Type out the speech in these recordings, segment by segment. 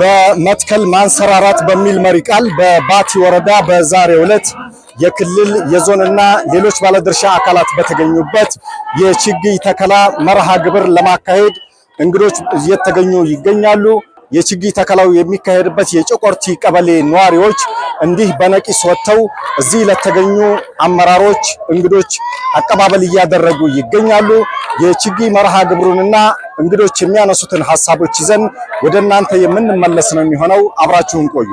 በመትከል ማንሰራራት በሚል መሪ ቃል በባቲ ወረዳ በዛሬው ዕለት የክልል የዞንና ሌሎች ባለድርሻ አካላት በተገኙበት የችግኝ ተከላ መርሃ ግብር ለማካሄድ እንግዶች እየተገኙ ይገኛሉ። የችግኝ ተከላው የሚካሄድበት የጨቆርቲ ቀበሌ ነዋሪዎች እንዲህ በነቂስ ወጥተው እዚህ ለተገኙ አመራሮች፣ እንግዶች አቀባበል እያደረጉ ይገኛሉ። የችግኝ መርሃ ግብሩንና እንግዶች የሚያነሱትን ሀሳቦች ይዘን ወደ እናንተ የምንመለስ ነው የሚሆነው። አብራችሁን ቆዩ።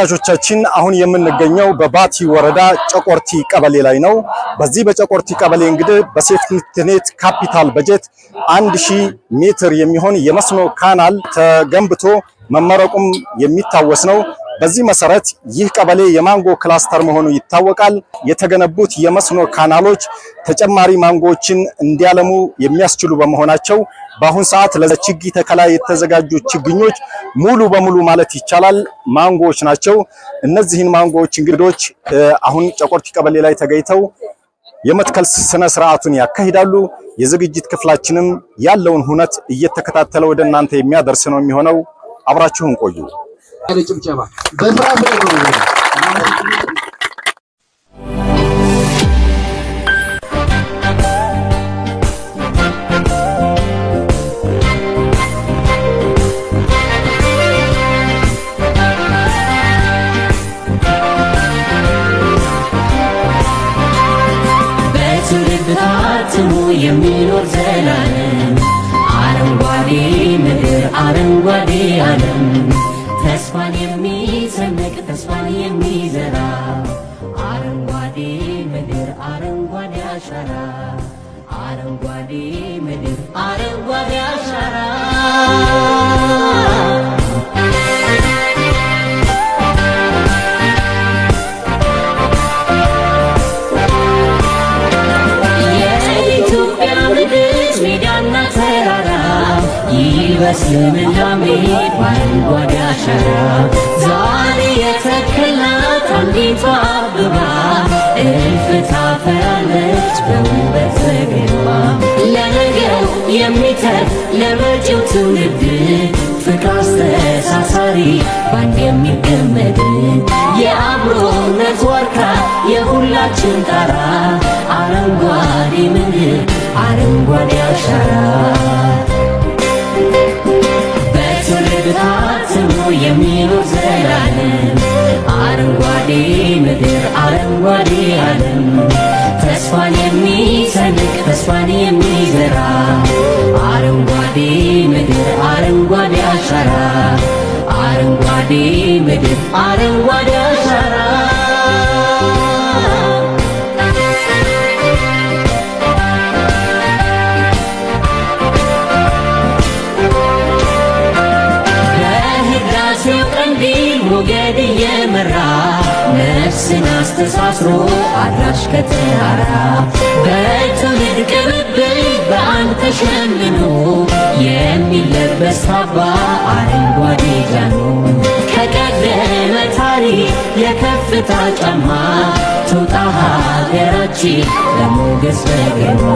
ተመልካቾቻችን አሁን የምንገኘው በባቲ ወረዳ ጨቆርቲ ቀበሌ ላይ ነው። በዚህ በጨቆርቲ ቀበሌ እንግዲህ በሴፍቲኔት ካፒታል በጀት አንድ ሺህ ሜትር የሚሆን የመስኖ ካናል ተገንብቶ መመረቁም የሚታወስ ነው። በዚህ መሰረት ይህ ቀበሌ የማንጎ ክላስተር መሆኑ ይታወቃል። የተገነቡት የመስኖ ካናሎች ተጨማሪ ማንጎዎችን እንዲያለሙ የሚያስችሉ በመሆናቸው በአሁን ሰዓት ለችግኝ ተከላ የተዘጋጁ ችግኞች ሙሉ በሙሉ ማለት ይቻላል ማንጎዎች ናቸው። እነዚህን ማንጎዎች እንግዶች አሁን ጨቆርቲ ቀበሌ ላይ ተገኝተው የመትከል ስነ ስርዓቱን ያካሂዳሉ። የዝግጅት ክፍላችንም ያለውን ሁነት እየተከታተለ ወደ እናንተ የሚያደርስ ነው የሚሆነው። አብራችሁን ቆዩ። በስሙ የሚኖር ዘላለም አረንጓዴ ምድር አረንጓዴ ዓለም ተስፋን የሚሰንቅ ተስፋን የሚዘራ አረንጓዴ ምድር አረንጓዴ አሻራ አረንጓዴ ምድር አረንጓዴ አሻራ በመላሜ አረንጓዴ ሸራ ዛሬ የተከላት አንዲቷ አበባ እልፍ ታፈራለች በውበት ዘገባ ለነገው የሚተርፍ ለመጪው ትውልድ ፍቅር አስተሳሳሪ ባንድ የሚገመድ የአብሮነት ዋርካ የሁላችን ጣራ አረንጓዴ ምን አረንጓዴ አሻራ የሚኖር ዘላለም አረንጓዴ ምድር አረንጓዴ ዓለም ተስፋን የሚሰንቅ ተስፋን የሚዘራ አረንጓዴ ምድር አረንጓዴ አሻራ አረንጓዴ ምድር አረንጓዴ ሞገድ እየመራ ነፍስን አስተሳስሮ አድራሽ ከተራራ በትውልድ ቅብብል በአንድ ተሸምኖ የሚለበስ ካባ አረንጓዴ ጃኖ ከቀደመ ታሪክ የከፍታ ጫማ ትውጣ ሀገራችን ለሞገስ በግርማ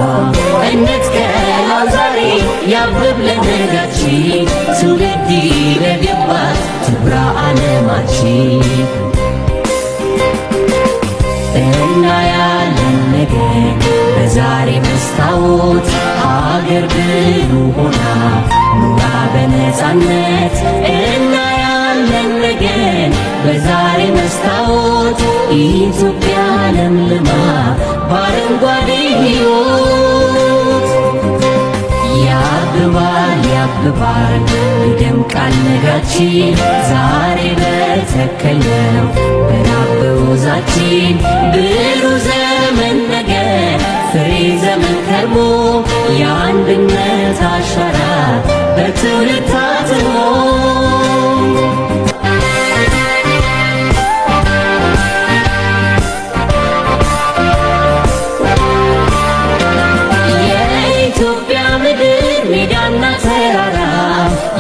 እንድትገላ ዛሬ ያብብ ለነጋችን አንቺ በህላ ያለን ነገር በዛሬ መስታወት ሀገር ብሉ ሆና ኑራ በነፃነት እና ያለን ነገር በዛሬ መስታወት ኢትዮጵያ ለምልማ በአረንጓዴ ሕይወት በባርክ ይደምቃል ነጋችን ዛሬ በተከልነው በናበውዛችን ብሩ ዘመን ነገ ፍሬ ዘመን ከርሞ የአንድነት አሻራ በትውልድ ታትሞ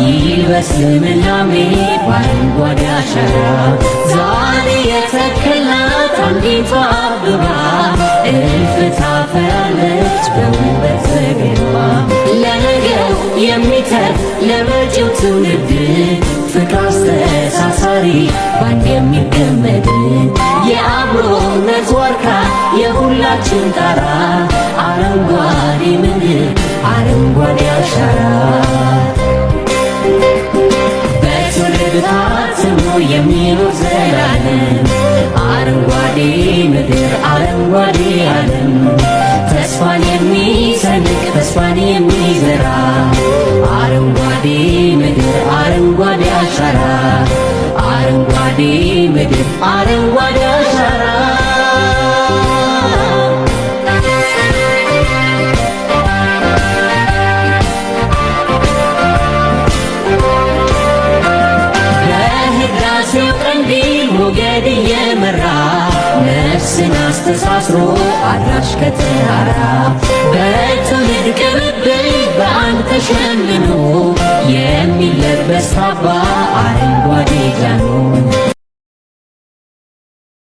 ይህ ይበስል ልምላሜ ባረንጓዴ አሻራ ዛሬ የተከልናት አንዲቷ አበባ እልፍ ታፈራለች በውበት ዘገባ ለነገው የሚተርፍ ለመጪው ትውልድ ፍቅር አስተሳሳሪ ባንድ የሚገመድ የአብሮነት ዋርካ የሁላችን ጣራ አረንጓዴ ምድር አረንጓዴ አሻራ ብርታት ስሙ የሚኖር ዘላለም አረንጓዴ ምድር አረንጓዴ ዓለም ተስፋን የሚሰንቅ ተስፋን የሚዘራ አረንጓዴ ምድር አረንጓዴ አሻራ አረንጓዴ ምድር አረንጓዴ ነፍስን አስተሳስሮ አድራሽ ከተራራ በረቱ ይድቅብብኝ በአንተ ሸምኖ የሚለበስ ካባ አረንጓዴ ጃኖ